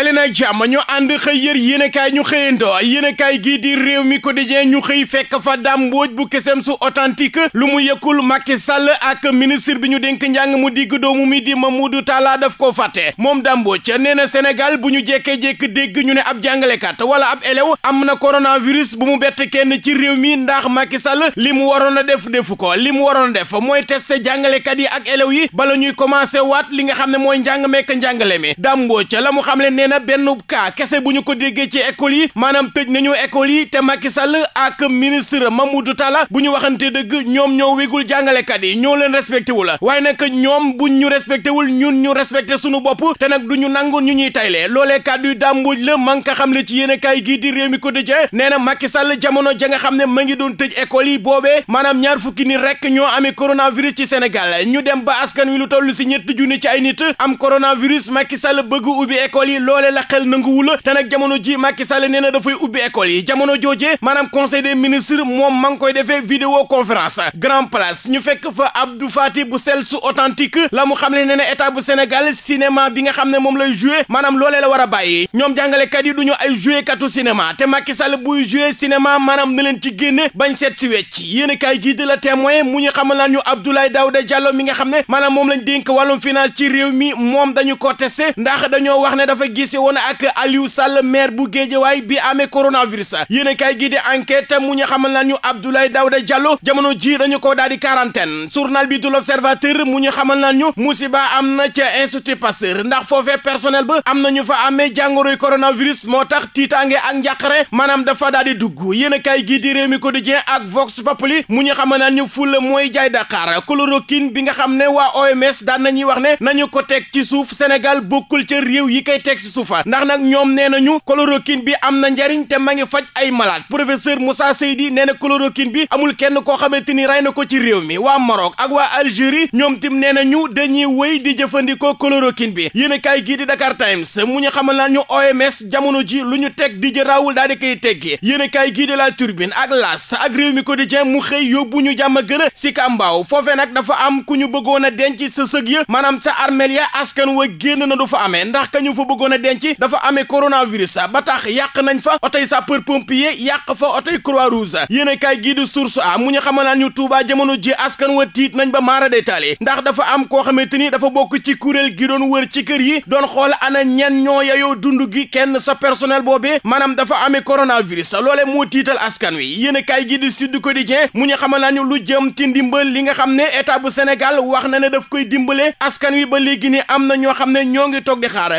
dali nag jàmm ñu ànd xëy yër yéenekaay ñu xëyandoo yéenekaay gii di réew mi quotidien ñu xëy fekk fa Dame bu kesem su authentique lu mu yëkkul Macky Sall ak ministre bi ñu dénk njàng mu digg doomu mi di ma Mamadou Talla daf koo fàtte moom Dame ca nee na Sénégal bu ñu jekkee-jekk dégg ñu ne ab jàngalekat wala ab élève am na coronavirus bu mu bett kenn ci réew mi ndax Macky Sall li mu waroon a def defu ko li mu waroon a def mooy tester jàngalekat yi ak élèves yi bala ñuy commencé waat li nga xam ne mooy njàng mekk njàngale na benn cas kese bu ñu ko déggee ci école yi maanaam tëj nañu école yi te Macky Sall ak ministre Mamadou Talla bu ñu waxante dëgg ñoom ñoo wégul jàngalekat yi ñoo leen respecté wul waaye nag ñoom bu ñu respecté wul ñun ñu respecté suñu bopp te nag du ñu nangu ñu ñuy taylee loolee kàddu dàmbuj la man ka xam le ci yéen kay kaay gii di réew mi ko dëjee nee na Macky Sall jamono ja nga xam ne ma ngi doon tëj école yi boobee maanaam ñaar fukki nit rek ñoo amee coronavirus ci Sénégal ñu dem ba askan wi lu toll si ñetti junni ci ay nit am coronavirus Macky Sall bëgg ubbi école yi loolee la xel nanguwu la te nag jamono ji Macky Sall nee dafay ubbi école yi jamono joojee maanaam conseil des moom ma koy defee vidéo conférence grand place ñu fekk fa Abdou Fati bu sel su authentique la mu xam ne nee na état bu bi nga xam ne moom lay joué maanaam loolee la war a bàyyi ñoom jàngalekat yi du ñu ay joué katu cinéma te Macky Sall buy joué cinéma maanaam na leen ci génne bañ seet si wecc yéen a kaay gii de la témoin mu ñu xam ne maanaam moom lañ dénk wàllum finance ci réew mi moom dañu ko testé ndax dañoo gise woon ak Aliou Sall maire bu Géejawaay bi amee coronavirus yéenekaay gi di enquête mu ñu xamal nañu Abdoulaye Daouda Diallo jamono ji dañu ko daal di quarantaine journal bi du l'Observateur mu ñu xamal nañu musiba am na ca Institut Pasteur ndax foofee personnel ba am na ñu fa amee jàngoroy coronavirus moo tax tiitaange ak njàqare maanaam dafa daal di dugg yéenekaay gi di Rewmi Quotidien ak Vox Populi mu ñu xamal nañu fulla mooy jaay Dakar chloroquine bi nga xam ne waa OMS daan nañuy wax ne nañu ko teg ci suuf Sénégal bokkul ca ci ndax nag ñoom nee nañu chloroquine bi am na njariñ te ma ngi faj ay malade professeur Moussa Seydi nee na chloroquine bi amul kenn koo xamante ni rey na ko ci réew mi waa Maroc ak waa Algérie ñoom tim nee nañu dañuy wéy di jëfandikoo chloroquine bi yéen a kaay gii di Dakar Times mu ñu xamal naan ñu OMS jamono ji lu ñu teg di jëraawul daal di koy teggi yéen a gii di La Tribune ak L'As ak réew mi quotidien mu xëy yóbbu ñu jàmm gën a si kàmbaaw foofee nag dafa am ku ñu bëggoon a denc sa sëg ya maanaam sa armeel ya wa génn na du fa amee ndax ñu fa bëggoon a denc dafa amee coronavirus ba tax yàq nañ fa otoy sapeur pompier yàq fa otoy croix rouge yéen kaay gii di source a mu ñu xamal ñu Touba jamono ji askan wa tiit nañ ba maara day taali ndax dafa am koo xamante ni dafa bokk ci kuréel gi doon wër ci kër yi doon xool ana ñan ñoo yayoo dund gi kenn sa personnel boobee maanaam dafa amee coronavirus loole moo tiital askan wi yéen kaay gii di Sud Quotidien mu ñu xamal ñu lu jëm ci ndimbal li nga xam ne état bu Sénégal wax na ne daf koy dimbale askan wi ba léegi ni am na ñoo xam ne ñoo ngi toog di xaar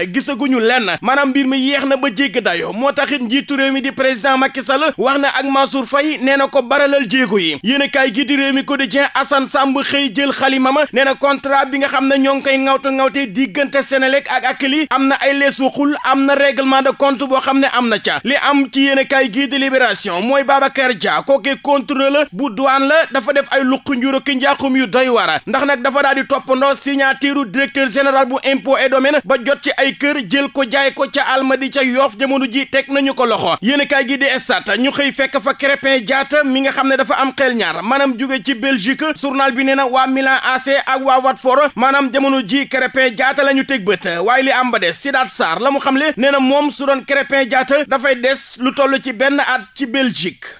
lenn maanaam mbir mi yeex na ba jégg dayo moo taxit njiitu réew mi di président Macky Sall wax na ak Mansour Faye nee na ko baralal jéego yi yéen a kaay gi di réew mi quotidien Assane Samb xëy jël xalima ma nee na contrat bi nga xam ne ñoo ngi koy ŋawte ŋawte diggante Sénélec ak ak li am na ay leesu xul am na règlement de compte boo xam ne am na ca li am ci yéen a kaay gi di libération mooy Babacar Dia kookee contrôleur bu douane la dafa def ay luq njur ki njaaxum yu doy wara ndax nag dafa daal di toppandoo signature directeur général bu impôt et domaine ba jot ci ay kër jël ko jaay ko ca almadi ca yoof jamono ji teg nañu ko loxo yéene kaa gi di Stades ñu xëy fekk fa Krépin Diatta mi nga xam ne dafa am xel ñaar maanaam jóge ci Belgique journal bi nee na waa Milan AC ak waa Watford maanaam jamono ji Krépin Diatta la teg bët waaye li am ba des Sidaat Sarr la mu xam le nee na moom su doon Krépin Diatta dafay des lu toll ci benn at ci Belgique